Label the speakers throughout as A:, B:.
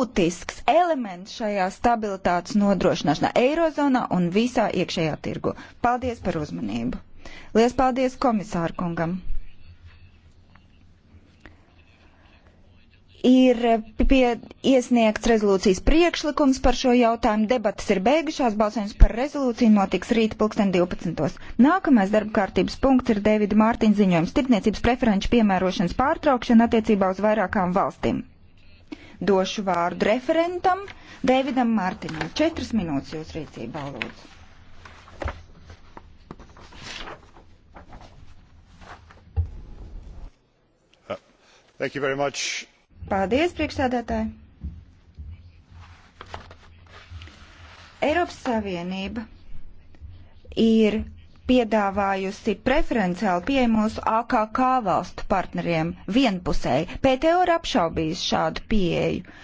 A: būtisks elements šajā stabilitātes nodrošināšanā Eirozonā un visā iekšējā tirgu. Paldies par uzmanību. Lies paldies komisāru kungam. ir pie, iesniegts rezolūcijas priekšlikums par šo jautājumu. Debatas ir beigušās, balsojums par rezolūciju notiks rīt pulksten 12. Nākamais darba kārtības punkts ir Davida Mārtiņa ziņojums - tirdzniecības preferenču piemērošanas pārtraukšana attiecībā uz vairākām valstīm. Došu vārdu referentam Davidam Mārtiņam. Četras minūtes jūs rīcībā lūdzu.
B: Uh, thank you very much.
A: Paldies, priekšsēdētāji. Eiropas Savienība ir piedāvājusi preferenciāli pieeja mūsu AKK valstu partneriem vienpusēji. PTO ir apšaubījis šādu pieeju.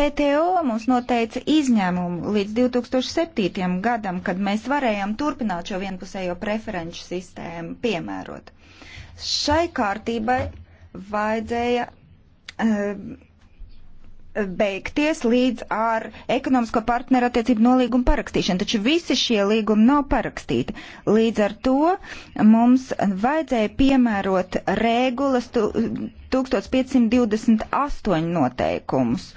A: PTO mums noteica izņēmumu līdz 2007. gadam, kad mēs varējām turpināt šo vienpusējo preferenču sistēmu piemērot. Šai kārtībai vajadzēja uh, beigties līdz ar ekonomisko partneru attiecību nolīgumu parakstīšanu, taču visi šie līgumi nav parakstīti. Līdz ar to mums vajadzēja piemērot regulas 1528 noteikumus,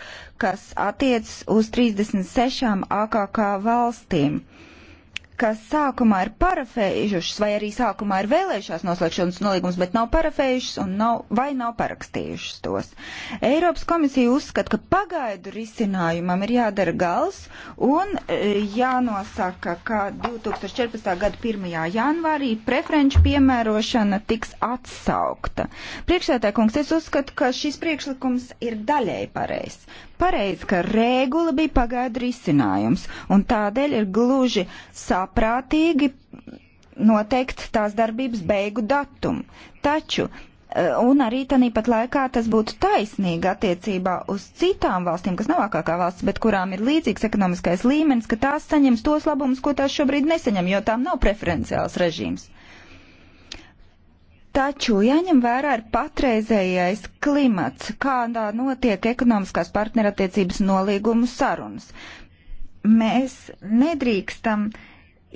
A: kas attiecas uz 36 AKK valstīm. Uh, kas sākumā ir parafējušas vai arī sākumā ir vēlējušās noslēgšanas nolīgumus, bet nav parafējušas un nav, vai nav parakstījušas tos. Eiropas komisija uzskata, ka pagaidu risinājumam ir jādara gals un e, jānosaka, ka 2014. gada 1. janvārī preferenču piemērošana tiks atsaukta. Priekšsētāj kungs, es uzskatu, ka šis priekšlikums ir daļēji pareizs pareizi, ka regula bija pagaidu risinājums, un tādēļ ir gluži saprātīgi noteikt tās darbības beigu datumu. Taču e, un arī tāpat laikā tas būtu taisnīgi attiecībā uz citām valstīm, kas nav ārkārtā valsts, bet kurām ir līdzīgs ekonomiskais līmenis, ka tās saņems tos labumus, ko tās šobrīd nesaņem, jo tām nav preferenciāls režīms. Taču jāņem vērā ir patreizējais klimats, kādā notiek ekonomiskās partnerattiecības nolīgumu sarunas. Mēs nedrīkstam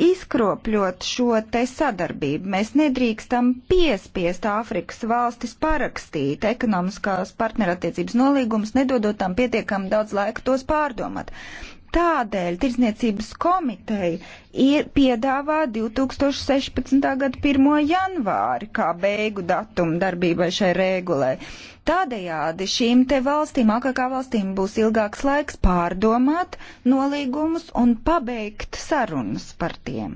A: izkropļot šo te sadarbību. Mēs nedrīkstam piespiest Āfrikas valstis parakstīt ekonomiskās partnerattiecības nolīgumus, nedodot tam pietiekami daudz laika tos pārdomāt. Tādēļ Tirzniecības komiteja piedāvā 2016. gada 1. janvāri kā beigu datumu darbībai šai regulai. Tādējādi šīm te valstīm, AKK valstīm, būs ilgāks laiks pārdomāt nolīgumus un pabeigt sarunas par tiem.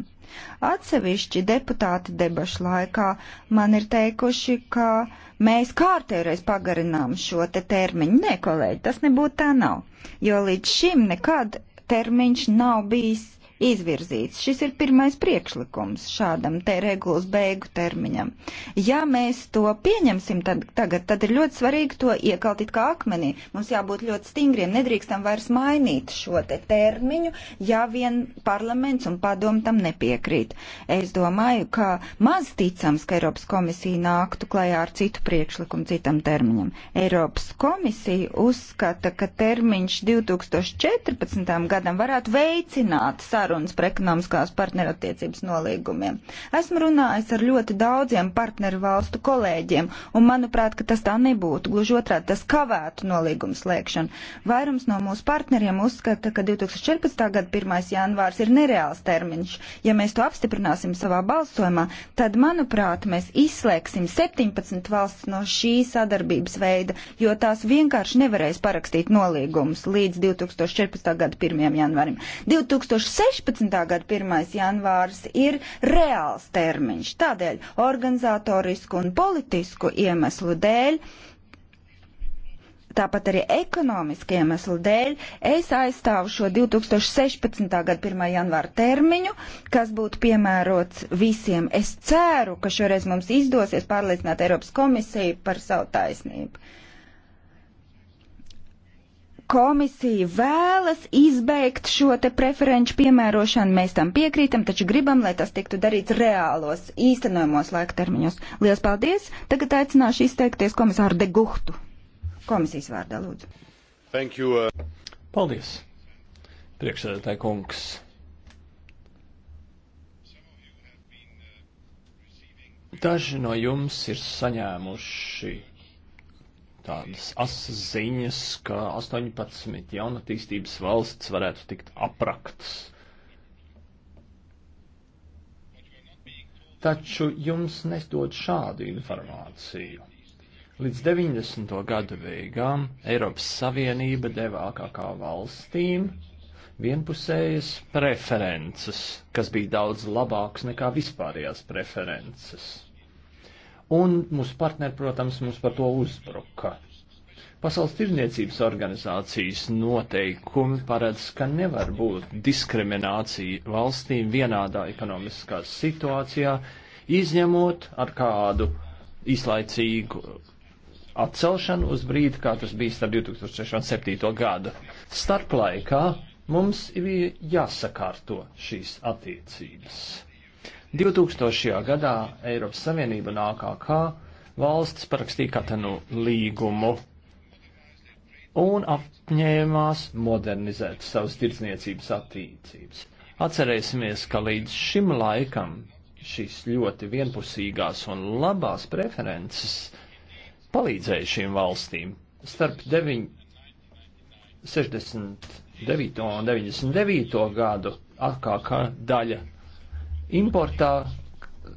A: Atsevišķi deputāti debašu laikā man ir teikuši, ka mēs kārtēreiz pagarinām šo te termiņu. Nē, kolēģi, tas nebūtu tā nav, jo līdz šim nekad termiņš nav bijis izvirzīts. Šis ir pirmais priekšlikums šādam te regulas beigu termiņam. Ja mēs to pieņemsim tad, tagad, tad ir ļoti svarīgi to iekaltīt kā akmenī. Mums jābūt ļoti stingriem, nedrīkstam vairs mainīt šo te termiņu, ja vien parlaments un padom tam nepiekrīt. Es domāju, ka maz ticams, ka Eiropas komisija nāktu klajā ar citu priekšlikumu citam termiņam. Eiropas komisija uzskata, ka termiņš 2014. gadam varētu veicināt sarunu sarunas par ekonomiskās partnerattiecības nolīgumiem. Esmu runājis ar ļoti daudziem partneru valstu kolēģiem, un manuprāt, ka tas tā nebūtu. Gluži otrādi, tas kavētu nolīgumu slēgšanu. Vairums no mūsu partneriem uzskata, ka 2014. gada 1. janvārs ir nereāls termiņš. Ja mēs to apstiprināsim savā balsojumā, tad, manuprāt, mēs izslēgsim 17 valsts no šī sadarbības veida, jo tās vienkārši nevarēs parakstīt nolīgumus līdz 2014. gada 1. janvārim. 2006. 2016. gada 1. janvārs ir reāls termiņš. Tādēļ organizatorisku un politisku iemeslu dēļ tāpat arī ekonomiski iemeslu dēļ, es aizstāvu šo 2016. gada 1. janvāra termiņu, kas būtu piemērots visiem. Es ceru, ka šoreiz mums izdosies pārliecināt Eiropas komisiju par savu taisnību komisija vēlas izbeigt šo te preferenču piemērošanu. Mēs tam piekrītam, taču gribam, lai tas tiktu darīts reālos, īstenojumos laika termiņos. Lielas paldies! Tagad aicināšu izteikties komisāru Deguhtu. Komisijas vārdā, lūdzu. Thank you. Uh...
C: Paldies! Priekšsēdētāji kungs. Daži no jums ir saņēmuši tādas asas ziņas, ka 18 jaunatīstības valsts varētu tikt apraktas. Taču jums nesdod šādu informāciju. Līdz 90. gadu beigām Eiropas Savienība deva AKK valstīm vienpusējas preferences, kas bija daudz labākas nekā vispārējās preferences un mūsu partneri, protams, mums par to uzbruka. Pasaules tirniecības organizācijas noteikumi paredz, ka nevar būt diskriminācija valstīm vienādā ekonomiskā situācijā, izņemot ar kādu īslaicīgu atcelšanu uz brīdi, kā tas bija starp 2006 un 2007 gadu. Starplaikā mums ir jāsakārto šīs attiecības. 2000. gadā Eiropas Savienība un AKK valsts parakstīja Katanu līgumu un apņēmās modernizēt savas tirdzniecības attīstības. Atcerēsimies, ka līdz šim laikam šīs ļoti vienpusīgās un labās preferences palīdzēja šīm valstīm. Starp 9, 69 un 99 gadu AKK daļa importā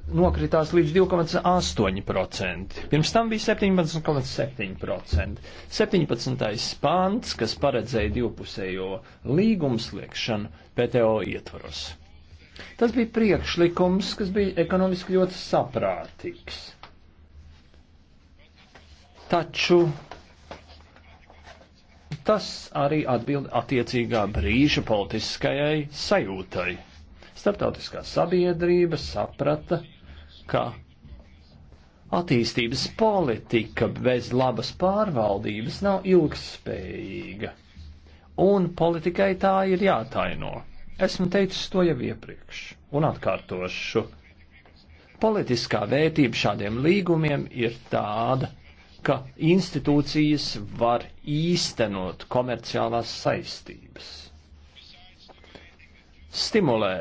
C: nokritās līdz 2,8%. Pirms tam bija 17,7%. 17. pāns, kas paredzēja divpusējo līgumu sliekšanu PTO ietvaros. Tas bija priekšlikums, kas bija ekonomiski ļoti saprātīgs. Taču tas arī atbild attiecīgā brīža politiskajai sajūtai Starptautiskā sabiedrība saprata, ka attīstības politika bez labas pārvaldības nav ilgspējīga, un politikai tā ir jātaino. Esmu teicis to jau iepriekš, un atkārtošu. Politiskā vērtība šādiem līgumiem ir tāda, ka institūcijas var īstenot komerciālās saistības stimulē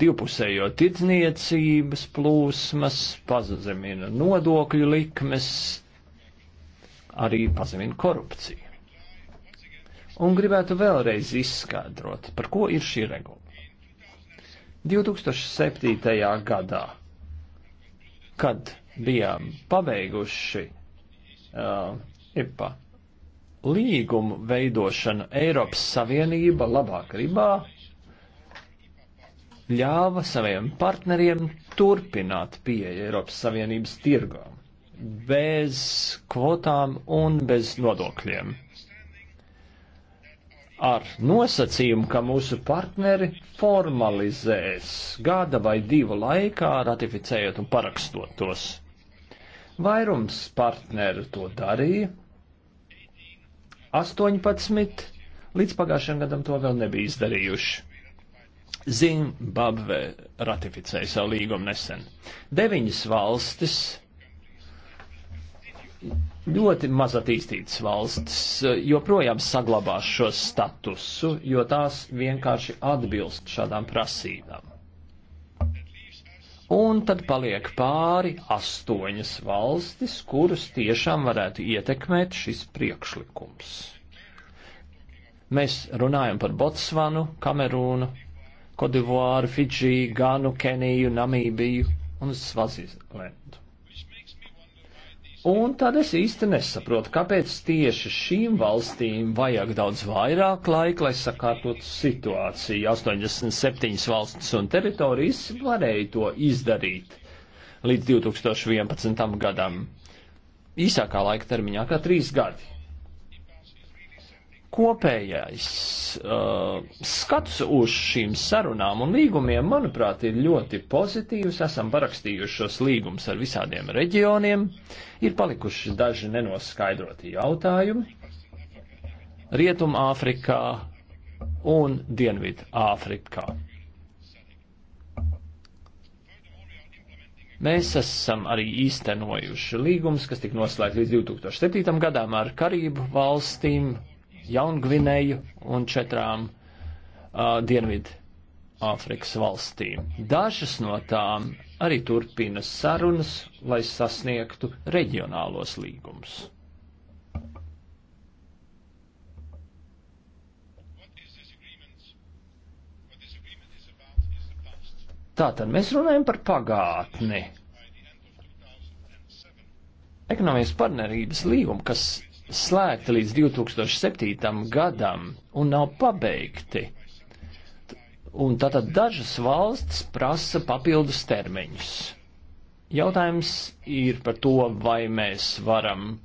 C: divpusējo tirdzniecības plūsmas, pazemina nodokļu likmes, arī pazemina korupciju. Un gribētu vēlreiz izskaidrot, par ko ir šī regula. 2007. gadā, kad bijām pabeiguši uh, IPA e līgumu veidošanu Eiropas Savienība labā gribā ļāva saviem partneriem turpināt pieeja Eiropas Savienības tirgām bez kvotām un bez nodokļiem. Ar nosacījumu, ka mūsu partneri formalizēs gada vai divu laikā ratificējot un parakstot tos. Vairums partneru to darīja. 18 līdz pagājušajam gadam to vēl nebija izdarījuši Zimbabve ratificēja savu līgumu nesen. Deviņas valstis, ļoti maz attīstītas valstis, joprojām saglabās šo statusu, jo tās vienkārši atbilst šādām prasībām. Un tad paliek pāri astoņas valstis, kurus tiešām varētu ietekmēt šis priekšlikums. Mēs runājam par Botsvanu, Kamerūnu, Kodivāru, Fidžiju, Ganu, Keniju, Namībiju un Svazilendu. Un tad es īsti nesaprotu, kāpēc tieši šīm valstīm vajag daudz vairāk laika, lai sakārtotu situāciju. 87 valstis un teritorijas varēja to izdarīt līdz 2011. gadam. Īsākā laika termiņā kā trīs gadi kopējais uh, skats uz šīm sarunām un līgumiem, manuprāt, ir ļoti pozitīvs. Esam parakstījuši šos līgumus ar visādiem reģioniem, ir palikuši daži nenoskaidroti jautājumi. Rietum Āfrikā un Dienvidu Āfrikā. Mēs esam arī īstenojuši līgumus, kas tika noslēgts līdz 2007. gadām ar Karību valstīm, Jaungvinēju un četrām uh, Dienvidu Āfrikas valstīm. Dažas no tām arī turpina sarunas, lai sasniegtu reģionālos līgumus. Tātad mēs runājam par pagātni. Ekonomijas partnerības līguma, kas slēgti līdz 2007. gadam un nav pabeigti. Un tātad dažas valsts prasa papildus termiņus. Jautājums ir par to, vai mēs varam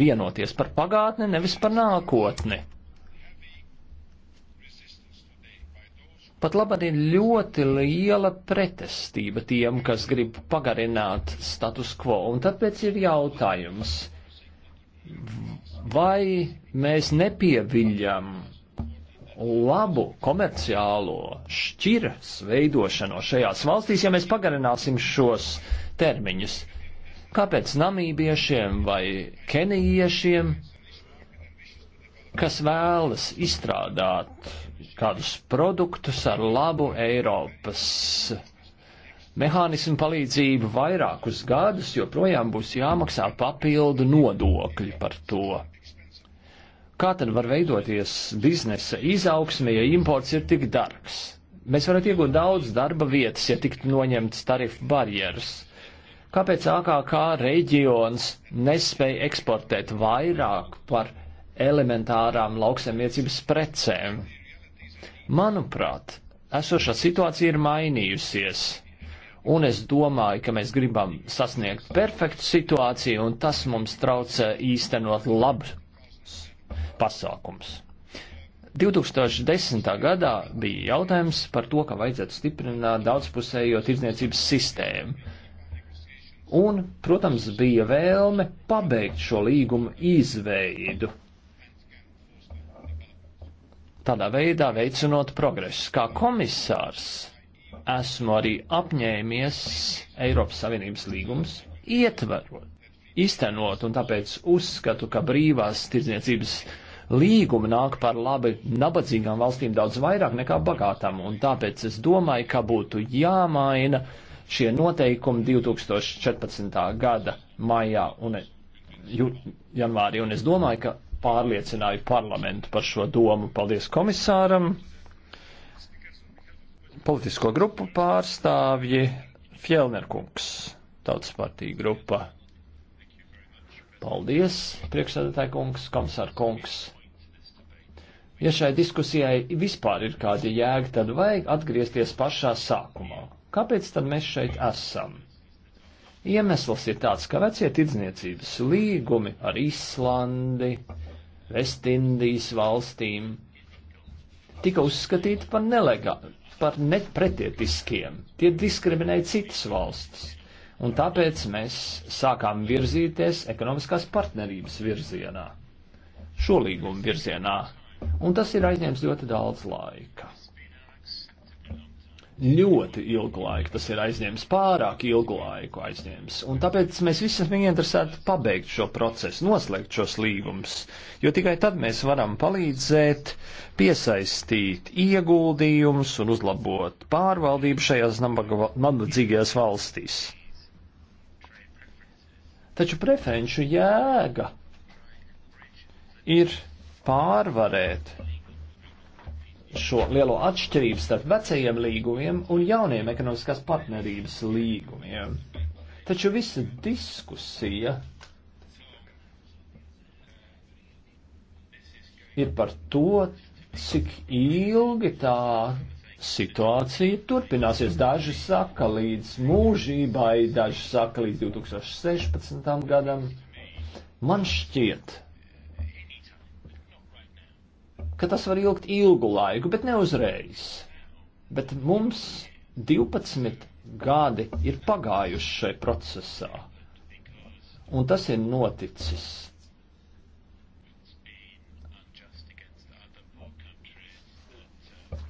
C: vienoties par pagātni, nevis par nākotni. Pat labāk ir ļoti liela pretestība tiem, kas grib pagarināt status quo, un tāpēc ir jautājums, vai mēs nepieviļam labu komerciālo šķiras veidošanu šajās valstīs, ja mēs pagarināsim šos termiņus. Kāpēc namībiešiem vai kenijiešiem, kas vēlas izstrādāt kādus produktus ar labu Eiropas mehānismu palīdzību vairākus gadus, joprojām būs jāmaksā papildu nodokļi par to. Kā tad var veidoties biznesa izaugsme, ja imports ir tik dārgs? Mēs varētu iegūt daudz darba vietas, ja tiktu noņemts tarifu barjeras. Kāpēc AKK reģions nespēja eksportēt vairāk par elementārām lauksaimniecības precēm? Manuprāt, esošā situācija ir mainījusies, un es domāju, ka mēs gribam sasniegt perfektu situāciju, un tas mums traucē īstenot labu pasākums. 2010. gadā bija jautājums par to, ka vajadzētu stiprināt daudzpusējo tirdzniecības sistēmu. Un, protams, bija vēlme pabeigt šo līgumu izveidu. Tādā veidā veicinot progresu. Kā komisārs esmu arī apņēmies Eiropas Savienības līgums ietverot, iztenot, un tāpēc uzskatu, ka brīvās tirdzniecības uh, līgumi nāk par labi nabadzīgām valstīm daudz vairāk nekā bagātām, un tāpēc es domāju, ka būtu jāmaina šie noteikumi 2014. gada maijā un janvārī, un es domāju, ka pārliecināju parlamentu par šo domu. Paldies komisāram, politisko grupu pārstāvji, Fjellnerkungs, Tautas partija grupa. Paldies, priekšsēdētāji kungs, komisāra kungs ja šai diskusijai vispār ir kāda jēga, tad vajag atgriezties pašā sākumā. Kāpēc tad mēs šeit esam? Iemesls ir tāds, ka vecie tirdzniecības līgumi ar Islandi, Vestindijas valstīm tika uzskatīti par nelegāli, par nepretietiskiem. Tie diskriminēja citas valstis. Un tāpēc mēs sākām virzīties ekonomiskās partnerības virzienā, šo līgumu virzienā, Un tas ir aizņēmis ļoti daudz laika. Ļoti ilgu laiku tas ir aizņēmis, pārāk ilgu laiku aizņēmis. Un tāpēc mēs visi esam ieinteresēti pabeigt šo procesu, noslēgt šos līgumus, jo tikai tad mēs varam palīdzēt piesaistīt ieguldījumus un uzlabot pārvaldību šajās nabadzīgajās valstīs. Taču preferenču jēga ir pārvarēt šo lielo atšķirību starp vecajiem līgumiem un jauniem ekonomiskās partnerības līgumiem. Taču visa diskusija ir par to, cik ilgi tā situācija turpināsies. Daži saka līdz mūžībai, daži saka līdz 2016. gadam. Man šķiet, ka tas var ilgt ilgu laiku, bet ne uzreiz. Bet mums 12 gadi ir pagājuši šai procesā, un tas ir noticis.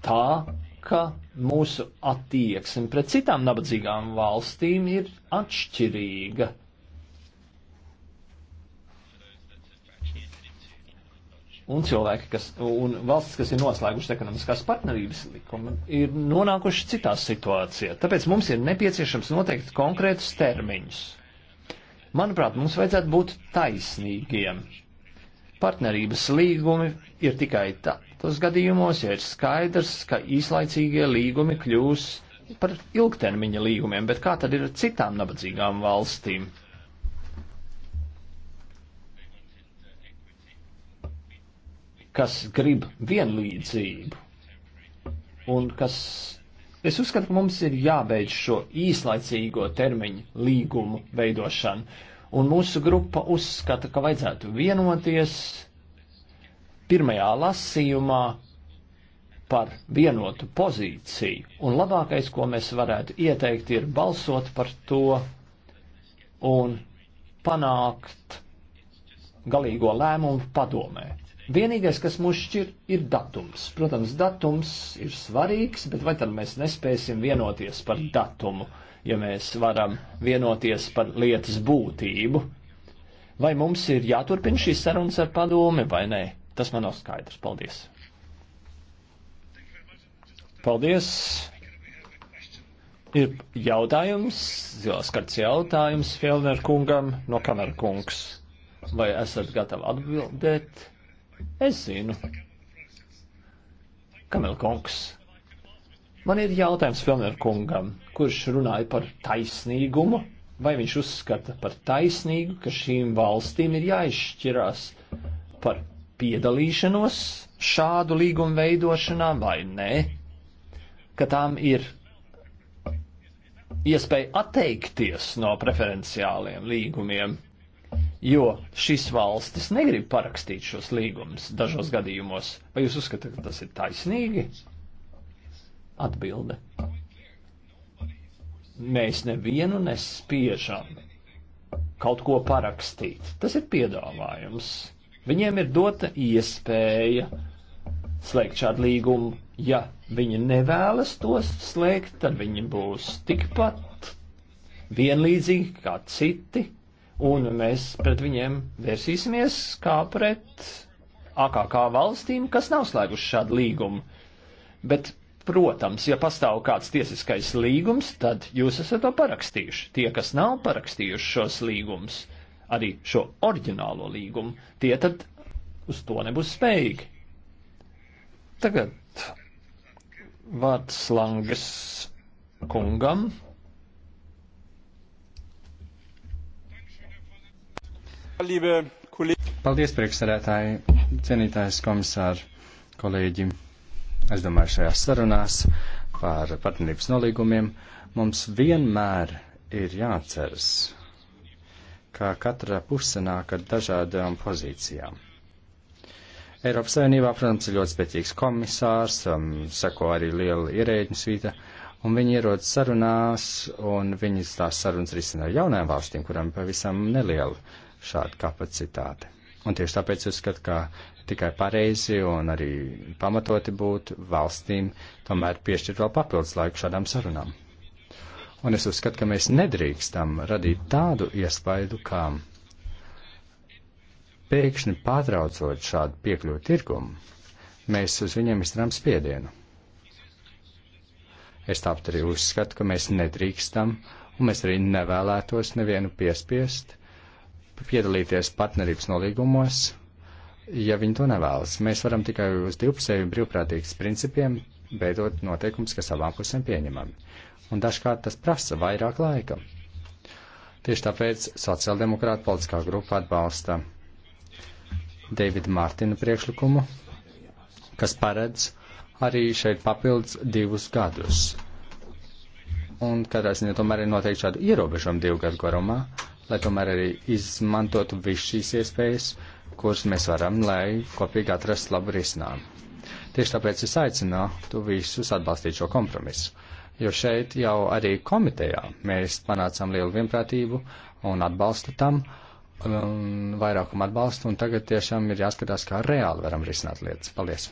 C: Tā, ka mūsu attieksme pret citām nabadzīgām valstīm ir atšķirīga un cilvēki, kas, un valstis, kas ir noslēgušas ekonomiskās partnerības likumu, ir nonākuši citā situācijā. Tāpēc mums ir nepieciešams noteikt konkrētus termiņus. Manuprāt, mums vajadzētu būt taisnīgiem. Partnerības līgumi ir tikai tādos gadījumos, ja ir skaidrs, ka īslaicīgie līgumi kļūs par ilgtermiņa līgumiem, bet kā tad ir ar citām nabadzīgām valstīm? kas grib vienlīdzību un kas. Es uzskatu, ka mums ir jābeidz šo īslaicīgo termiņu līgumu veidošanu, un mūsu grupa uzskata, ka vajadzētu vienoties pirmajā lasījumā par vienotu pozīciju, un labākais, ko mēs varētu ieteikt, ir balsot par to un panākt galīgo lēmumu padomē. Vienīgais, kas mūs šķir, ir datums. Protams, datums ir svarīgs, bet vai tad mēs nespēsim vienoties par datumu, ja mēs varam vienoties par lietas būtību? Vai mums ir jāturpina šīs sarunas ar padomi vai nē? Tas man nav skaidrs. Paldies! Paldies! Ir jautājums, zilās karts jautājums Fjellner kungam no Kamera kungs. Vai esat gatavi atbildēt? Es zinu. Kamelkungs. Man ir jautājums Filmerkungam, kurš runāja par taisnīgumu. Vai viņš uzskata par taisnīgu, ka šīm valstīm ir jāizšķirās par piedalīšanos šādu līgumu veidošanā vai nē? Ka tām ir iespēja atteikties no preferenciāliem līgumiem jo šīs valstis negrib parakstīt šos līgumus dažos gadījumos. Vai jūs uzskatāt, ka tas ir taisnīgi? Atbilde. Mēs nevienu nespiežam kaut ko parakstīt. Tas ir piedāvājums. Viņiem ir dota iespēja slēgt šādu līgumu. Ja viņi nevēlas tos slēgt, tad viņi būs tikpat vienlīdzīgi kā citi un mēs pret viņiem vērsīsimies kā pret AKK valstīm, kas nav slēguši šādu līgumu. Bet, protams, ja pastāv kāds tiesiskais līgums, tad jūs esat to parakstījuši. Tie, kas nav parakstījuši šos līgumus, arī šo oriģinālo līgumu, tie tad uz to nebūs spējīgi. Tagad vārds Langas kungam
B: Paldies, priekšsarētāji, cienītājs komisāri, kolēģi. Es domāju, šajās sarunās par partnerības nolīgumiem mums vienmēr ir jāatceras, ka katra puse nāk ar dažādām pozīcijām. Eiropas Savienībā, protams, ir ļoti spēcīgs komisārs, um, seko arī liela ierēģņu svīta, un viņi ierodas sarunās, un viņi tās sarunas risina ar jaunajām valstīm, kurām pavisam neliela šāda kapacitāte. Un tieši tāpēc uzskatu, ka tikai pareizi un arī pamatoti būtu valstīm tomēr piešķirt vēl papildus laiku šādām sarunām. Un es uzskatu, ka mēs nedrīkstam radīt tādu iespaidu, kā pēkšņi pārtraucot šādu piekļuvu tirgumu, mēs uz viņiem izdarām spiedienu. Es tāpat arī uzskatu, ka mēs nedrīkstam, un mēs arī nevēlētos nevienu piespiest piedalīties partnerības nolīgumos, ja viņi to nevēlas. Mēs varam tikai uz divpusējiem brīvprātīgas principiem veidot noteikums, kas abām pusēm pieņemami. Un dažkārt tas prasa vairāk laika. Tieši tāpēc sociāldemokrāta politiskā grupa atbalsta Davida Mārtina priekšlikumu, kas paredz arī šeit papildus divus gadus. Un katrā ziņā tomēr ir noteikti šādu ierobežojumu divu gadu garumā, uh, lai tomēr arī izmantotu visu šīs iespējas, kuras mēs varam, lai kopīgi atrastu labu risinājumu. Tieši tāpēc es aicinātu visus atbalstīt šo kompromisu, jo šeit jau arī komitejā mēs panācām lielu vienprātību un atbalstu tam, um, vairākumu atbalstu, un tagad tiešām ir jāskatās, kā reāli varam risināt lietas. Paldies!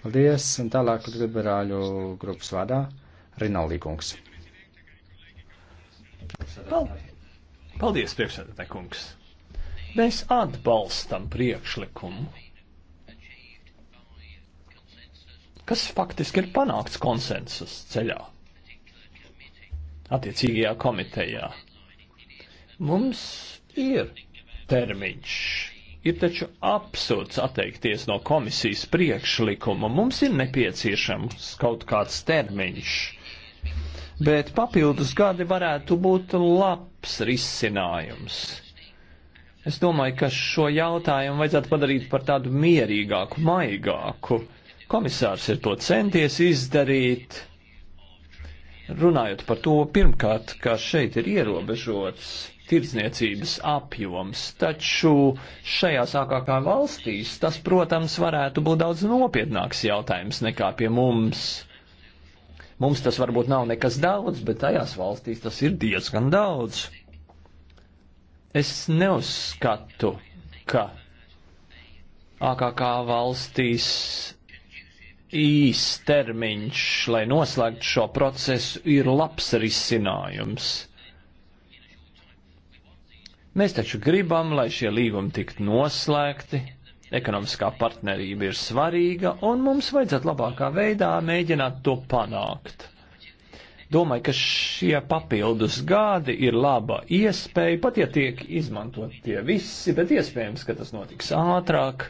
B: Paldies, un tālāk liberāļu grupas vadā Rinaldīkungs.
C: Paldies. Paldies, priekšsēdētāj kungs. Mēs atbalstam priekšlikumu, kas faktiski ir panākts konsensus ceļā attiecīgajā komitejā. Mums ir termiņš. Ir taču absurds atteikties no komisijas priekšlikuma. Mums ir nepieciešams kaut kāds termiņš bet papildus gadi varētu būt labs risinājums. Es domāju, ka šo jautājumu vajadzētu padarīt par tādu mierīgāku, maigāku. Komisārs ir to centies izdarīt. Runājot par to, pirmkārt, ka šeit ir ierobežots tirdzniecības apjoms, taču šajās ārkārtā valstīs tas, protams, varētu būt daudz nopietnāks jautājums nekā pie mums. Mums tas varbūt nav nekas daudz, bet tajās valstīs tas ir diezgan daudz. Es neuzskatu, ka AKK valstīs īsts termiņš, lai noslēgtu šo procesu, ir labs risinājums. Mēs taču gribam, lai šie līgumi tiktu noslēgti, Ekonomiskā partnerība ir svarīga, un mums vajadzētu labākā veidā mēģināt to panākt. Domāju, ka šie papildus gadi ir laba iespēja, pat ja tiek izmantot tie visi, bet iespējams, ka tas notiks ātrāk.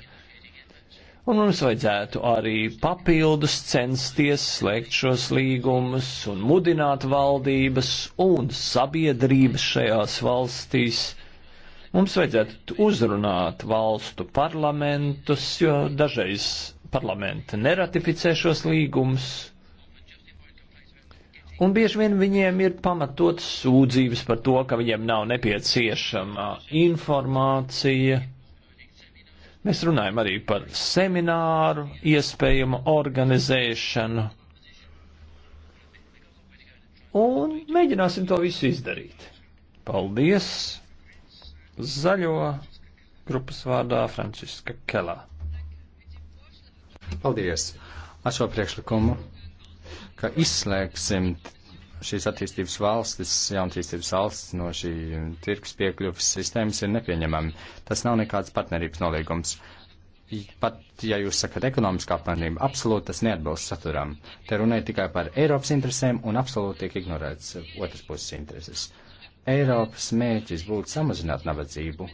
C: Un mums vajadzētu arī papildus censties slēgt šos līgumus un mudināt valdības un sabiedrības šajās valstīs Mums vajadzētu uzrunāt valstu parlamentus, jo dažreiz parlamenti neratificē šos līgumus. Un bieži vien viņiem ir pamatots sūdzības par to, ka viņiem nav nepieciešama informācija. Mēs runājam arī par semināru, iespējamu organizēšanu. Un mēģināsim to visu izdarīt. Paldies! Zaļo
B: grupas vārdā Franciska Kelā. Paldies! Ar šo priekšlikumu, ka izslēgsim šīs attīstības valstis, jaunatīstības valstis no šī tirgus piekļuvas sistēmas ir nepieņemami. Tas nav nekāds partnerības nolīgums. Pat, ja jūs sakat ekonomiskā partnerība, absolūti tas neatbilst saturam. Te runāja tikai par Eiropas interesēm un absolūti tiek ignorēts otras puses intereses. Uh, Eiropas mērķis būtu samazināt nabadzību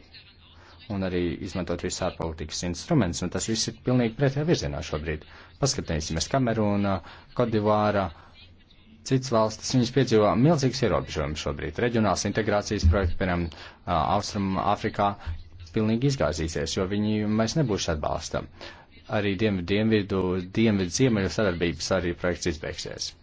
B: un arī izmantot visu ārpolitikas instrumentus, un tas viss ir pilnīgi pretējā virzienā šobrīd. Paskatīsimies Kamerūna, Kodivāra, citas valstis, viņas piedzīvo milzīgas ierobežojumus šobrīd. Reģionāls integrācijas projekts, piemēram, Austrum Afrikā, pilnīgi izgāzīsies, jo viņi mēs nebūs atbalsta. Arī dienvidu, dienvidu, dienvidu ziemeļu sadarbības arī projekts izbeigsies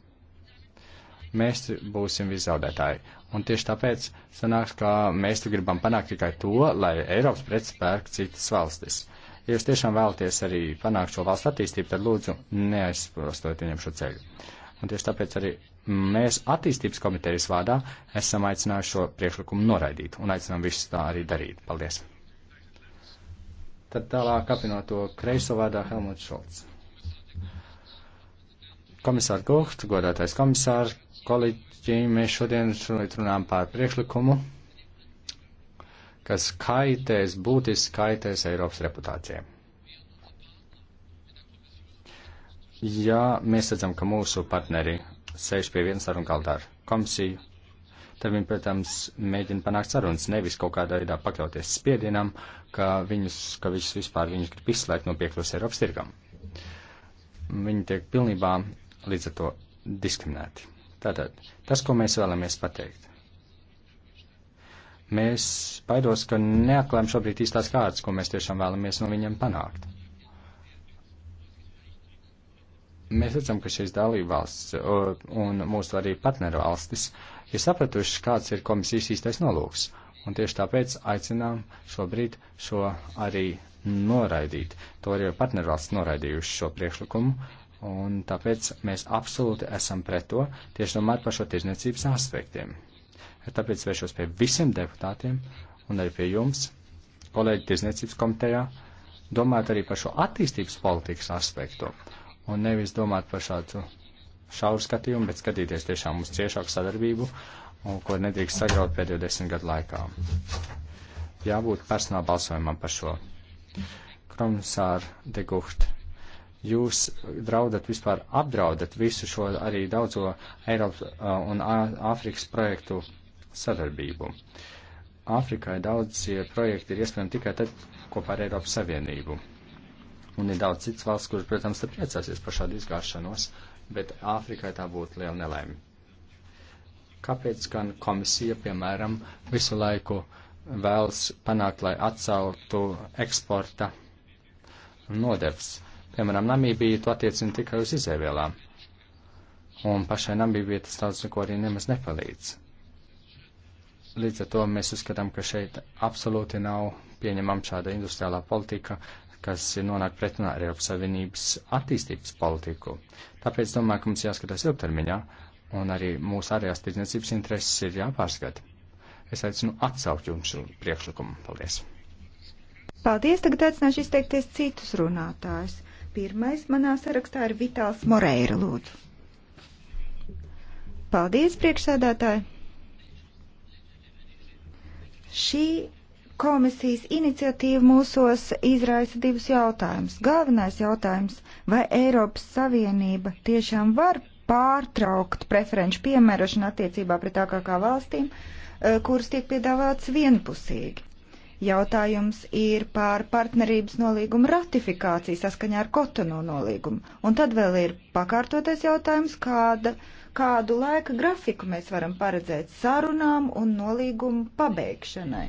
B: mēs būsim viszaudētāji. Un tieši tāpēc sanāks, ka mēs tu gribam panākt tikai to, lai Eiropas pretspērk citas valstis. Ja jūs tiešām vēlaties arī panākt šo valstu attīstību, tad lūdzu neaizprostojiet viņiem šo ceļu. Un tieši tāpēc arī mēs attīstības komitejas vārdā esam aicinājuši šo priekšlikumu noraidīt un aicinām visus tā arī darīt. Paldies! Tad tālāk apvienot to kreiso vārdā Helmuts Šolts. Komisāra Gucht, godātais komisārs, kolēģi, mēs šodien runājam par priekšlikumu, kas kaitēs, būtiski kaitēs Eiropas reputācijai. Ja mēs redzam, ka mūsu partneri sēž pie viena saruna galda ar komisiju, tad viņi, protams, mēģina panākt sarunas, nevis kaut kādā veidā pakļauties spiedienam, ka, viņus, ka viņus vispār viņus grib izslēgt no piekļuvas Eiropas tirgam. Viņi tiek pilnībā līdz ar to diskriminēti. Tātad, tas, ko mēs vēlamies pateikt. Mēs baidos, ka neatklājam šobrīd īstās kārtas, ko mēs tiešām vēlamies no viņiem panākt. Mēs redzam, ka šīs dalībvalsts un mūsu arī partneru valstis ir sapratuši, kāds ir komisijas īstais nolūks. Un tieši tāpēc aicinām šobrīd šo arī noraidīt. To arī partnervalsts noraidījuši šo priekšlikumu, Un tāpēc mēs absolūti esam pret to, tieši domājot par šo tirzniecības aspektiem. Tāpēc vēršos pie visiem deputātiem un arī pie jums, kolēģi tirzniecības komitejā, domājot arī par šo attīstības politikas aspektu. Un nevis domāt par šādu šauru skatījumu, bet skatīties tiešām uz ciešāku sadarbību, un, ko nedrīkst sagraut pēdējo desmit gadu laikā. Jābūt personāla balsojumam par šo. Kromsāra de Gucht jūs draudat vispār apdraudat visu šo arī daudzo Eiropas un Āfrikas projektu sadarbību. Āfrikai daudzie projekti ir iespējami tikai tad kopā ar Eiropas Savienību. Un ir daudz cits valsts, kuras, protams, priecāsies par šādu izgāšanos, bet Āfrikai tā būtu liela nelaime. Kāpēc gan komisija, piemēram, visu laiku vēlas panākt, lai atceltu eksporta nodevs? Piemēram, Namībija to attiecina tikai uz izēvielām. Un pašai Namībijai tas daudz neko arī nemaz nepalīdz. Līdz ar to mēs uzskatām, ka šeit absolūti nav pieņemama šāda industriālā politika, kas ir nonāk pretunā ar Eiropas Savienības attīstības politiku. Tāpēc domāju, ka mums jāskatās ilgtermiņā, un arī mūsu ārējās tirdzniecības intereses ir jāpārskata. Es aicinu atsaukt jums šo priekšlikumu. Paldies!
A: Paldies! Tagad aicināšu izteikties citus runātājus. Pirmais manā sarakstā ir Vitāls Moreira, lūdzu. Paldies, priekšsēdētāji! Šī komisijas iniciatīva mūsos izraisa divus jautājumus. Galvenais jautājums - vai Eiropas Savienība tiešām var pārtraukt preferenču piemērošanu attiecībā pret tā kā, kā valstīm, eh, kuras tiek piedāvāts vienpusīgi? Jautājums ir par partnerības nolīgumu ratifikāciju saskaņā ar Kotonu nolīgumu. Un tad vēl ir pakārtotais jautājums, kāda, kādu laika grafiku mēs varam paredzēt sarunām un nolīgumu pabeigšanai.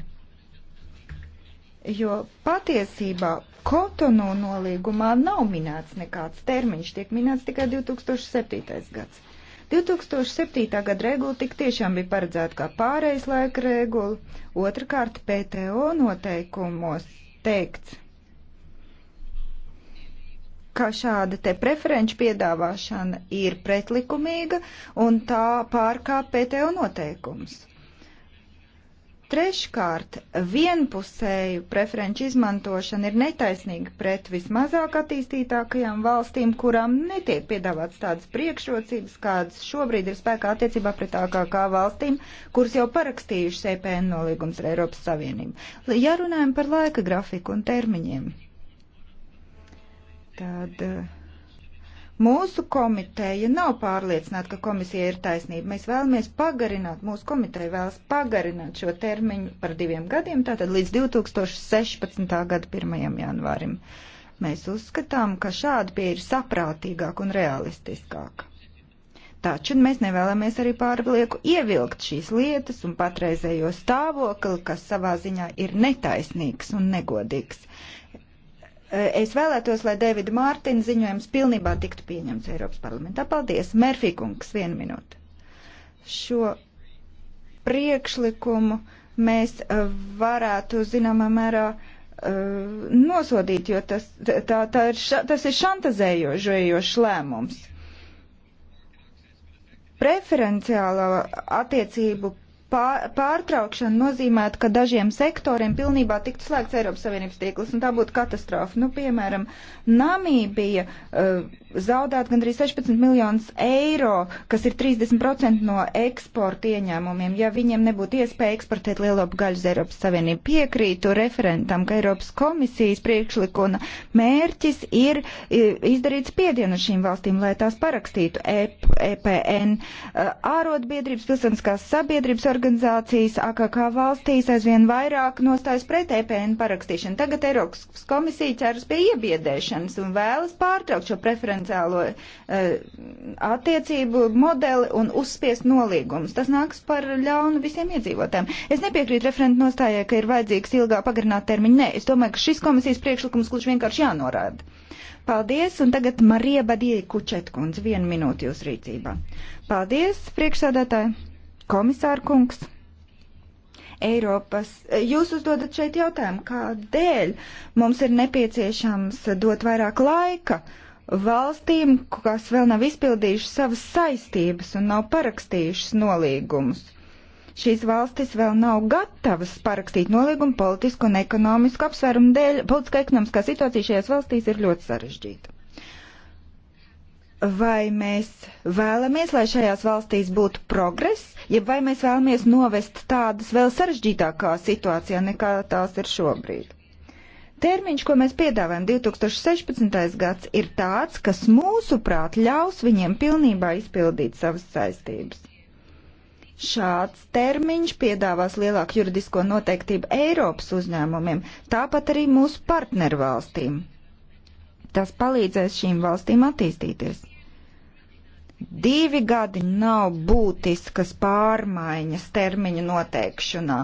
A: Jo patiesībā Kotonu nolīgumā nav minēts nekāds termiņš, tiek minēts tikai 2007. gads. 2007. gada regula tik tiešām bija paredzēta kā pārejas laika regula, otrkārt PTO noteikumos teikts, ka šāda te preferenču piedāvāšana ir pretlikumīga un tā pārkāp PTO noteikums. Treškārt, vienpusēju preferenču izmantošana ir netaisnīga pret vismazāk attīstītākajām valstīm, kurām netiek piedāvāts tādas priekšrocības, kādas šobrīd ir spēkā attiecībā pret AKK valstīm, kuras jau parakstījušas EPN nolīgums ar Eiropas Savienību. Ja runājam par laika grafiku un termiņiem, tad. Uh, Mūsu komiteja nav pārliecināta, ka komisija ir taisnība. Mēs vēlamies pagarināt, mūsu komiteja vēlas pagarināt šo termiņu par diviem gadiem, tātad līdz 2016. gada 1. janvārim. Mēs uzskatām, ka šāda pieeja ir saprātīgāka un realistiskāka. Taču mēs nevēlamies arī pārlieku ievilkt šīs lietas un patreizējo stāvokli, kas savā ziņā ir netaisnīgs un negodīgs. Eh, es vēlētos, lai Davida Mārtiņa ziņojums pilnībā tiktu pieņemts Eiropas parlamentā. Paldies, Merfīkungs, vienu minūtu. Šo priekšlikumu mēs eh, varētu, zināmā mērā, eh, nosodīt, jo tas, tā, tā ir, ša, tas ir šantazējošs lēmums. Preferenciāla attiecību pārtraukšana nozīmētu, ka dažiem sektoriem pilnībā tiktu slēgts Eiropas Savienības tīkls, un tā būtu katastrofa. Nu, piemēram, Namībija uh, zaudētu gandrīz 16 miljonus eiro, kas ir 30% no eksporta ieņēmumiem, ja viņiem nebūtu iespēja eksportēt lielopu gaļu uz Eiropas Savienību. Piekrītu referentam, ka Eiropas komisijas priekšlikuma mērķis ir izdarīt spiedienu šīm valstīm, lai tās parakstītu EP, EPN. Uh, Ārotbiedrības, pilsoniskās sabiedrības organizācijas organizācijas AKK valstīs aizvien vairāk nostājas pret EPN parakstīšanu. Tagad Eiropas komisija ceras pie iebiedēšanas un vēlas pārtraukt šo preferenciālo uh, attiecību modeli un uzspiest nolīgumus. Tas nāks par ļaunu visiem iedzīvotājiem. Es nepiekrītu referentu nostājai, ka ir vajadzīgs ilgā pagarināt termiņu. Nē, es domāju, ka šis komisijas priekšlikums gluži vienkārši jānorāda. Paldies, un tagad Marija Badie Kučetkundze, vienu minūti jūs rīcībā. Paldies, priekšsādātāji! Komisāra kungs, Eiropas, eh, jūs uzdodat šeit jautājumu, kādēļ mums ir nepieciešams dot vairāk laika valstīm, kas vēl nav izpildījušas savas saistības un nav parakstījušas nolīgumus šīs valstis vēl nav gatavas parakstīt nolīgumu politisku un ekonomisku apsvērumu dēļ. Politiskā ekonomiskā situācija šajās valstīs ir ļoti sarežģīta vai mēs vēlamies, lai šajās valstīs būtu progress, ja vai mēs vēlamies novest tādas vēl sarežģītākā situācijā nekā tās ir šobrīd. Termiņš, ko mēs piedāvājam 2016. gads, ir tāds, kas mūsuprāt ļaus viņiem pilnībā izpildīt savas saistības. Šāds termiņš piedāvās lielāku juridisko noteiktību Eiropas uzņēmumiem, tāpat arī mūsu partnervalstīm. Tas palīdzēs šīm valstīm attīstīties. Divi gadi nav būtiskas pārmaiņas termiņa noteikšanā.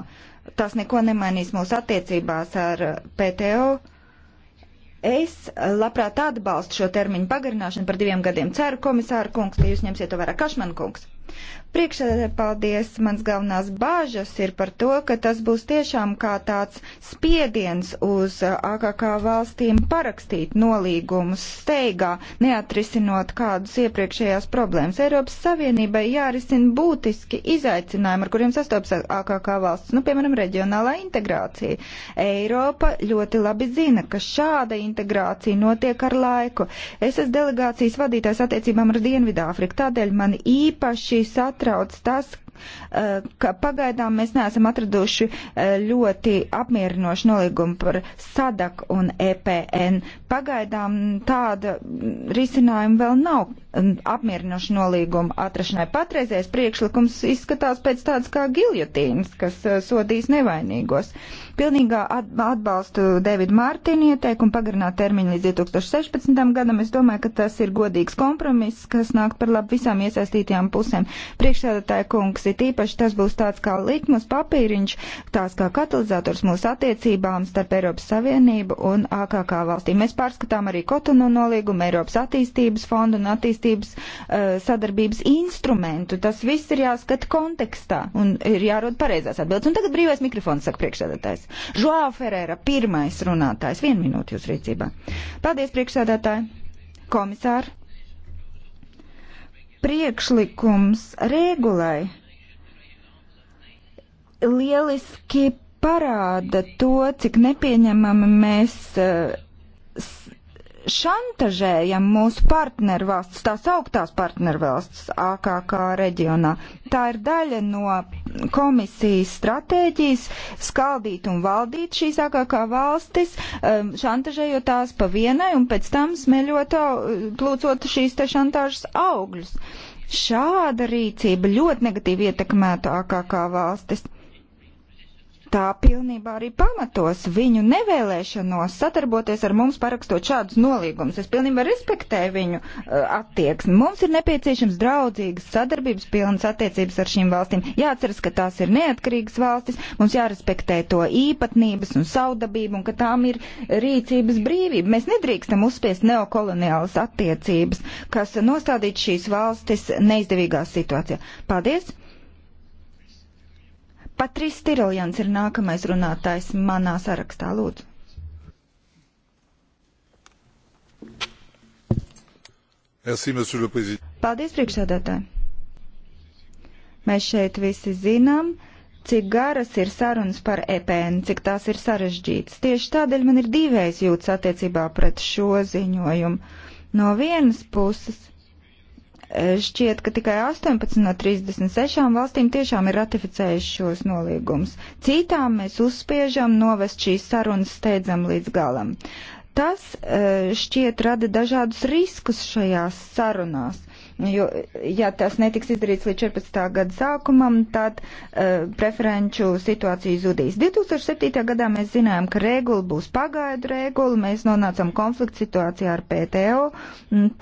A: Tas neko nemainīs mūsu attiecībās ar PTO. Es labprāt atbalstu šo termiņu pagarināšanu par diviem gadiem. Ceru, komisāra kungs, ka jūs ņemsiet to vērā. Kašman kungs. Priekšsēdētāji, paldies! Mans galvenās bāžas ir par to, ka tas būs tiešām kā tāds spiediens uz uh, AKK valstīm parakstīt nolīgumus steigā, neatrisinot kādus iepriekšējās problēmas. Eiropas Savienībai jārisina būtiski izaicinājumi, ar kuriem sastopas AKK valsts, nu, piemēram, reģionālā integrācija. Eiropa ļoti labi zina, ka šāda integrācija notiek ar laiku. Es esmu delegācijas vadītājs attiecībām ar Dienvidāfriku, tādēļ man īpaši satrauc satrauc tas, Eh, ka pagaidām mēs neesam atraduši eh, ļoti apmierinošu nolīgumu par sadak un EPN. Pagaidām tāda risinājuma vēl nav mm, apmierinošu nolīgumu atrašanai. Patreizējais priekšlikums izskatās pēc tādas kā giljotīnas, kas eh, sodīs nevainīgos. Pilnīgā atbalstu Davidu Mārtiņu ieteikumu pagarināt termiņu līdz 2016. gadam. Es domāju, ka tas ir godīgs kompromiss, kas nāk par labu visām iesaistītajām pusēm. Priekšsēdētāja kungs, dialogs. It īpaši tas būs tāds kā likmus papīriņš, tās kā katalizators mūsu attiecībām starp Eiropas Savienību un AKK valstīm. Mēs pārskatām arī Kotonu nolīgumu, Eiropas attīstības fondu un attīstības uh, sadarbības instrumentu. Tas viss ir jāskata kontekstā un ir jārod pareizās atbildes. Un tagad brīvais mikrofons saka priekšsēdētājs. Žoā Ferēra, pirmais runātājs. Vienu minūti jūs rīcībā. Paldies, priekšsēdētāji. Komisāri priekšlikums regulai lieliski parāda to, cik nepieņemami mēs eh, šantažējam mūsu partnervalstis, tās augtās partnervalstis AKK reģionā. Tā ir daļa no komisijas stratēģijas skaldīt un valdīt šīs AKK valstis, eh, šantažējot tās pa vienai un pēc tam smeļot, plūcot šīs te šantāžas augļus. Šāda rīcība ļoti negatīvi ietekmētu AKK valstis tā pilnībā arī pamatos viņu nevēlēšanos sadarboties ar mums, parakstot šādus nolīgumus. Es pilnībā respektēju viņu uh, attieksmi. Mums ir nepieciešams draudzīgas sadarbības pilnas attiecības ar šīm valstīm. Jāatceras, ka tās ir neatkarīgas valstis, mums jārespektē to īpatnības un saudabību un ka tām ir rīcības brīvība. Mēs nedrīkstam uzspiest neokoloniālas attiecības, kas nostādīt šīs valstis neizdevīgā situācijā. Paldies! Patris Tiroljans ir nākamais runātājs manā sarakstā, lūdzu. Merci, Paldies, priekšsēdētāji. Mēs šeit visi zinām, cik garas ir sarunas par EPN, cik tās ir sarežģītas. Tieši tādēļ man ir divējs jūtas attiecībā pret šo ziņojumu. No vienas puses Eh, šķiet, ka tikai 18 no 36 valstīm tiešām ir ratificējuši šos nolīgumus. Citām mēs uzspiežam novest šīs sarunas steidzam līdz galam. Uh, Tas e, šķiet rada dažādus riskus šajās sarunās. Jo, ja tas netiks izdarīts līdz 14. gada sākumam, tad uh, preferenču situācija zudīs. 2007. gadā mēs zinājām, ka regula būs pagaidu regula, mēs nonācām konflikta situācijā ar PTO.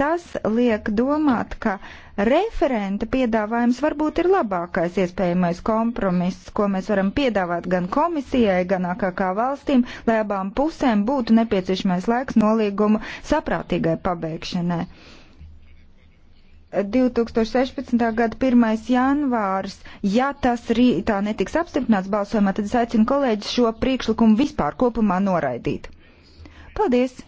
A: Tas liek domāt, ka uh, Referenta piedāvājums varbūt ir labākais iespējamais kompromiss, ko mēs varam piedāvāt gan komisijai, gan AKK valstīm, lai abām pusēm būtu nepieciešamais laiks nolīguma saprātīgai pabeigšanai. 2016. gada 1. janvārs, ja tas rītā netiks apstiprināts balsojumā, tad es aicinu kolēģis šo priekšlikumu vispār kopumā noraidīt. Paldies!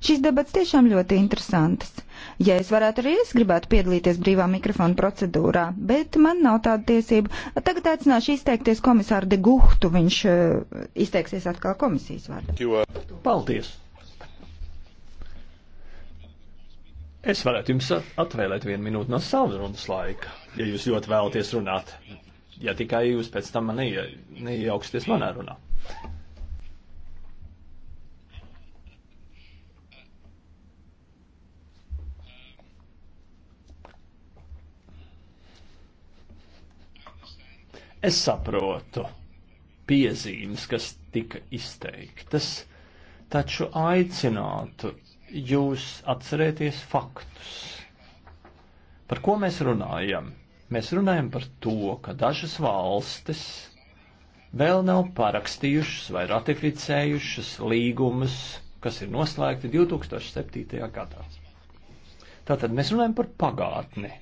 A: Šīs debats tiešām ļoti interesantas. Ja es varētu arī es gribētu piedalīties brīvā mikrofona procedūrā, bet man nav tāda tiesība. Tagad aicināšu izteikties komisāru de Guhtu, viņš uh, izteiksies atkal komisijas vārdā.
C: Uh, Paldies! Es varētu jums atvēlēt vienu minūti no savas runas laika, ja jūs ļoti vēlaties runāt. Ja tikai jūs pēc tam neie, neiejauksties manā runā. Es saprotu piezīmes, kas tika izteiktas, taču aicinātu jūs atcerēties faktus. Par ko mēs runājam? Mēs runājam par to, ka dažas valstis vēl nav parakstījušas vai ratificējušas līgumus, kas ir noslēgti 2007. gadā. Tātad mēs runājam par pagātni.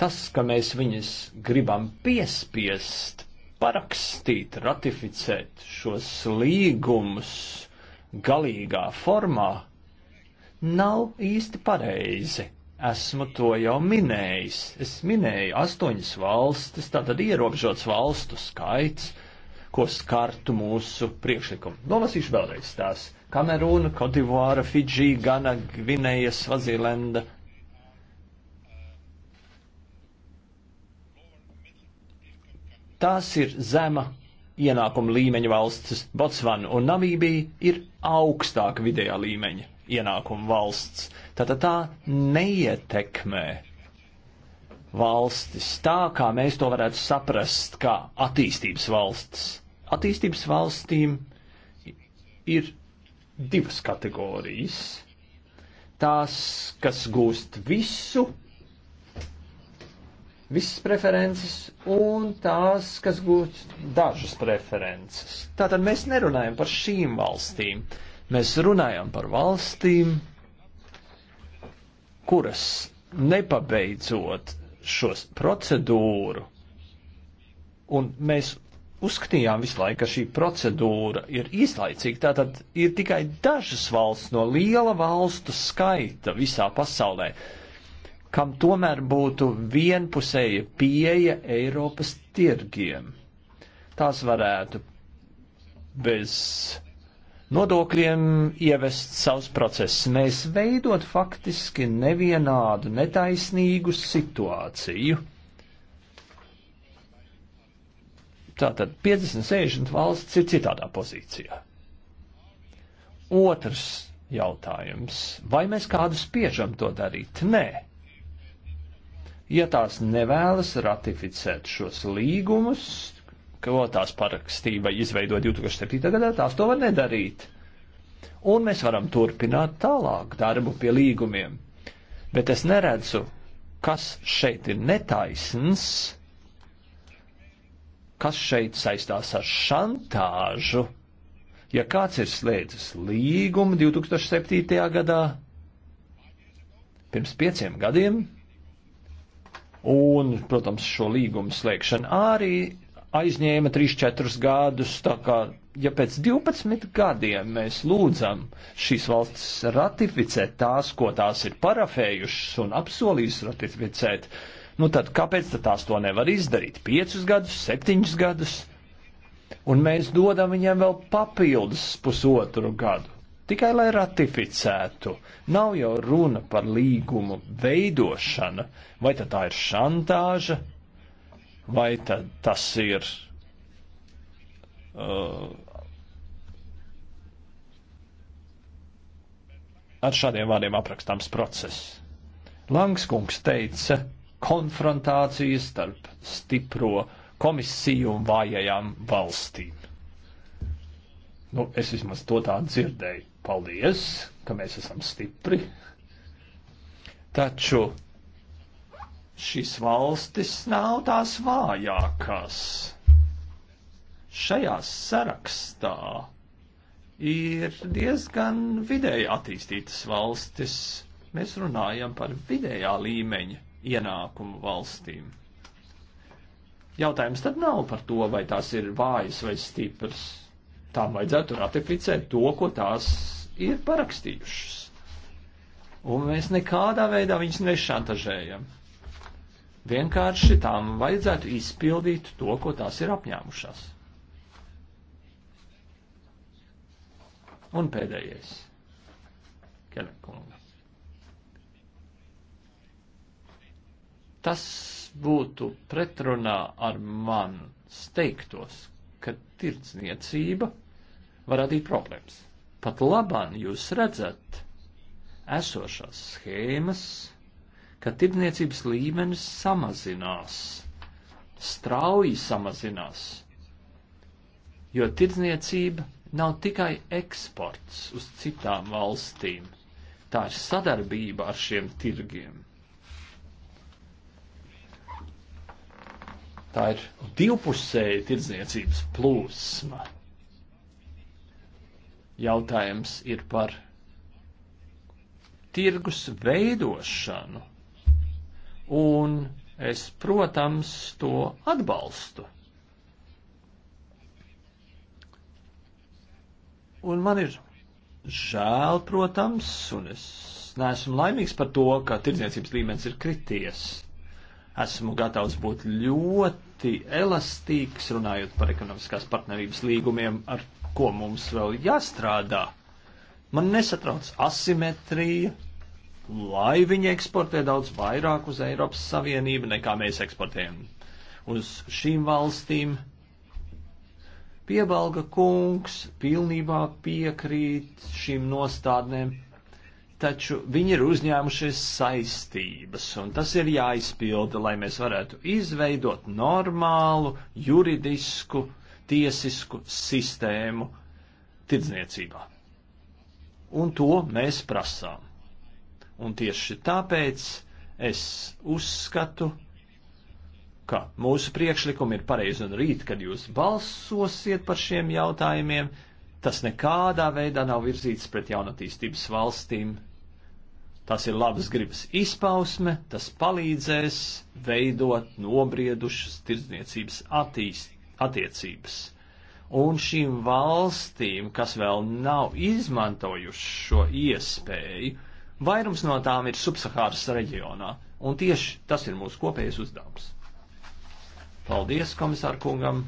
C: Tas, ka mēs viņus gribam piespiest, parakstīt, ratificēt šos līgumus galīgā formā, nav īsti pareizi. Esmu to jau minējis. Es minēju astoņas valstis, tātad ierobežots valstu skaits, ko skartu mūsu priekšlikumu. Nolasīšu vēlreiz tās. Kamerūna, Kodivāra, Fidži, Gana, Gvineja, Svazilenda, Tās ir zema ienākuma līmeņa valsts. Botsvana un Namībija ir augstāka vidējā līmeņa ienākuma valsts. Tātad tā neietekmē valstis tā, kā mēs to varētu saprast, kā attīstības valstis. Attīstības valstīm ir divas kategorijas. Tās, kas gūst visu visas preferences un tās, kas gūt dažas preferences. Tātad mēs nerunājam par šīm valstīm. Mēs runājam par valstīm, kuras nepabeidzot šos procedūru, un mēs uzskatījām visu laiku, ka šī procedūra ir īslaicīga. Tātad ir tikai dažas valsts no liela valstu skaita visā pasaulē, kam tomēr būtu vienpusēja pieeja Eiropas tirgiem. Tās varētu bez nodokļiem ievest savus procesus. Mēs veidot faktiski nevienādu, netaisnīgu situāciju. Tātad 50, 60 valsts ir citādā pozīcijā. Otrs jautājums. Vai mēs kādu spiežam to darīt? Nē ja tās nevēlas ratificēt šos līgumus, ko tās parakstīja vai izveidoja 2007. gadā, tās to var nedarīt. Un mēs varam turpināt tālāk darbu pie līgumiem. Bet es neredzu, kas šeit ir netaisns, kas šeit saistās ar šantāžu. Ja kāds ir slēdzis līgumu 2007. gadā, pirms pieciem gadiem, Un, protams, šo līgumu slēgšana arī aizņēma 3-4 gadus. Tā kā, ja pēc 12 gadiem mēs lūdzam šīs valsts ratificēt tās, ko tās ir parafējušas un apsolījušas ratificēt, nu tad kāpēc tad tās to nevar izdarīt? 5 gadus, 7 gadus? Un mēs dodam viņiem vēl papildus pusotru gadu tikai lai ratificētu. Nav jau runa par līgumu veidošanu, vai tad tā ir šantāža, vai tad tas ir. Uh, ar šādiem vārdiem aprakstāms process. Langskungs teica, konfrontācijas starp stipro komisiju un vājajām valstīm. Nu, es vismaz to tā dzirdēju paldies, ka mēs esam stipri, taču šīs valstis nav tās vājākās. Šajā sarakstā ir diezgan vidēji attīstītas valstis. Mēs runājam par vidējā līmeņa ienākumu valstīm. Jautājums tad nav par to, vai tās ir vājas vai stipras. Tām vajadzētu ratificēt to, ko tās ir parakstījušas. Un mēs nekādā veidā viņus nešantažējam. Vienkārši tām vajadzētu izpildīt to, ko tās ir apņēmušās. Un pēdējais. Kelekunga. Tas būtu pretrunā ar man steigtos, ka tirdzniecība var radīt problēmas. Pat labāk jūs redzat esošās schēmas, ka tirdzniecības līmenis samazinās, strauji samazinās, jo tirdzniecība nav tikai eksports uz citām valstīm, tā ir sadarbība ar šiem tirgiem. Tā ir divpusēja tirdzniecības plūsma jautājums ir par tirgus veidošanu, un es, protams, to atbalstu. Un man ir žēl, protams, un es neesmu laimīgs par to, ka tirdzniecības līmenis ir krities. Esmu gatavs būt ļoti elastīgs, runājot par ekonomiskās partnerības līgumiem ar ko mums vēl jāstrādā. Man nesatrauc asimetrija, lai viņi eksportē daudz vairāk uz Eiropas Savienību nekā mēs eksportējam uz šīm valstīm. Piebalga kungs pilnībā piekrīt šīm nostādnēm, taču viņi ir uzņēmušies saistības, un tas ir jāizpilda, lai mēs varētu izveidot normālu juridisku tiesisku sistēmu tirdzniecībā. Un to mēs prasām. Un tieši tāpēc es uzskatu, ka mūsu priekšlikumi ir pareizi un rīt, kad jūs balsosiet par šiem jautājumiem, tas nekādā veidā nav virzīts pret jaunatīstības valstīm. Tas ir labas gribas izpausme, tas palīdzēs veidot nobriedušas tirdzniecības attīst, attiecības. Un šīm valstīm, kas vēl nav izmantojuši šo iespēju, vairums no tām ir subsahāras reģionā. Un tieši tas ir mūsu kopējais uzdevums. Paldies komisāru kungam,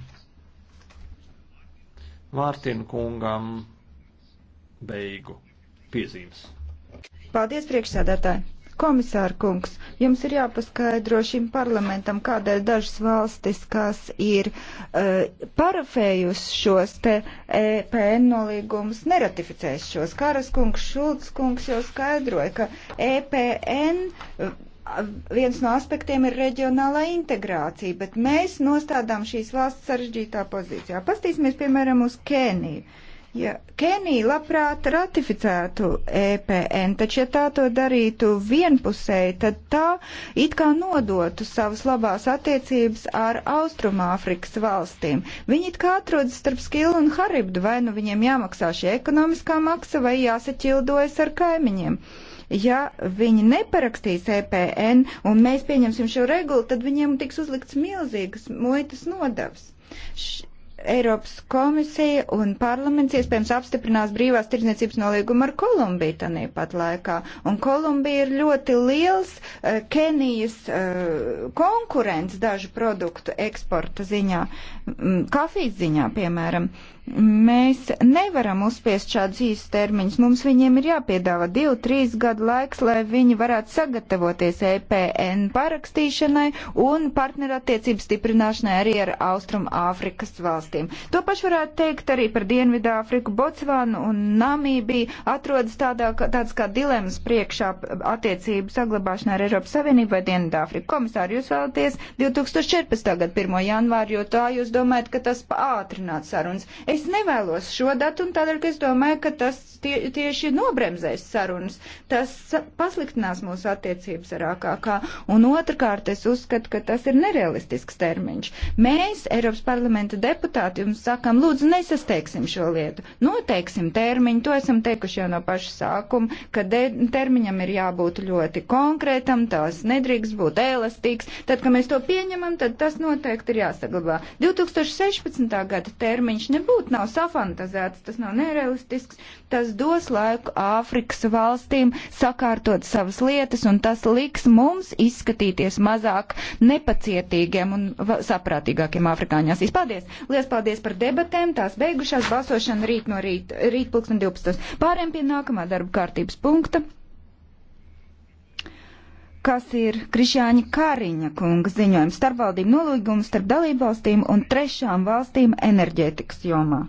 C: Mārtiņu kungam, beigu piezīmes.
A: Paldies priekšsēdētāji! Komisāra kungs, jums ir jāpaskaidro šim parlamentam, kādēļ dažas valstis, kas ir uh, parafējusi šos te EPN nolīgumus, neratificēs šos. Kāras kungs, Šulc kungs jau skaidroja, ka EPN. Uh, eh, Viens no aspektiem ir reģionālā integrācija, bet mēs nostādām šīs valsts sarežģītā pozīcijā. Pastīsimies, piemēram, uz Keniju. Uh, Ja Kenija labprāt ratificētu EPN, taču ja tā to darītu vienpusēji, tad tā it kā nodotu savas labās attiecības ar Austrumāfrikas valstīm. Viņi it kā atrodas starp skilu un haribdu, vai nu viņiem jāmaksā šī ekonomiskā maksa, vai jāsaķildojas ar kaimiņiem ja viņi neparakstīs EPN un mēs pieņemsim šo regulu, tad viņiem tiks uzlikts milzīgas muitas nodevs. Š Eiropas komisija un parlaments iespējams apstiprinās brīvās tirdzniecības nolīgumu ar Kolumbiju tanī pat laikā. Un Kolumbija ir ļoti liels uh, Kenijas uh, konkurents dažu produktu eksporta ziņā, mm, kafijas ziņā, piemēram. Uh, Mēs nevaram uzspiest šādus īsus termiņus. Mums viņiem ir jāpiedāvā divu, trīs gadu laiks, lai viņi varētu sagatavoties EPN parakstīšanai un partnerattiecību stiprināšanai arī ar Austrum Āfrikas valstīm. To pašu varētu teikt arī par Dienvidāfriku, Botsvānu un Namībiju atrodas tādā, tāds kā dilemmas priekšā attiecību saglabāšanā ar Eiropas Savienību vai Dienvidāfriku. Komisāri, jūs vēlaties 2014. gada 1. janvāru, jo tā jūs domājat, ka tas paātrināt sarunas. Es Es nevēlos šo datu, un tādēļ, ka es domāju, ka tas tie, tieši nobremzēs sarunas, tas pasliktinās mūsu attiecības ar AKK, un otrkārt es uzskatu, ka tas ir nerealistisks termiņš. Mēs, Eiropas parlamenta deputāti, jums sakam, lūdzu, nesasteigsim šo lietu, noteiksim termiņu, to esam teikuši jau no paša sākuma, ka termiņam ir jābūt ļoti konkrētam, tās nedrīkst būt elastīgs. Tad, kad mēs to pieņemam, tad tas noteikti ir jāsaglabā. 2016. gada termiņš nebūs nebūtu nav safantazēts, tas nav nerealistisks, tas dos laiku Āfrikas valstīm sakārtot savas lietas, un tas liks mums izskatīties mazāk nepacietīgiem un saprātīgākiem afrikāņās. Paldies! Lielas paldies par debatēm, tās beigušās balsošana rīt no rīta, rīt pulksten 12. Pāriem pie nākamā darba kārtības punkta kas ir Krišāņa Kāriņa kunga ziņojums starpvaldību nolīgumu starp dalībvalstīm un trešām valstīm enerģētikas jomā.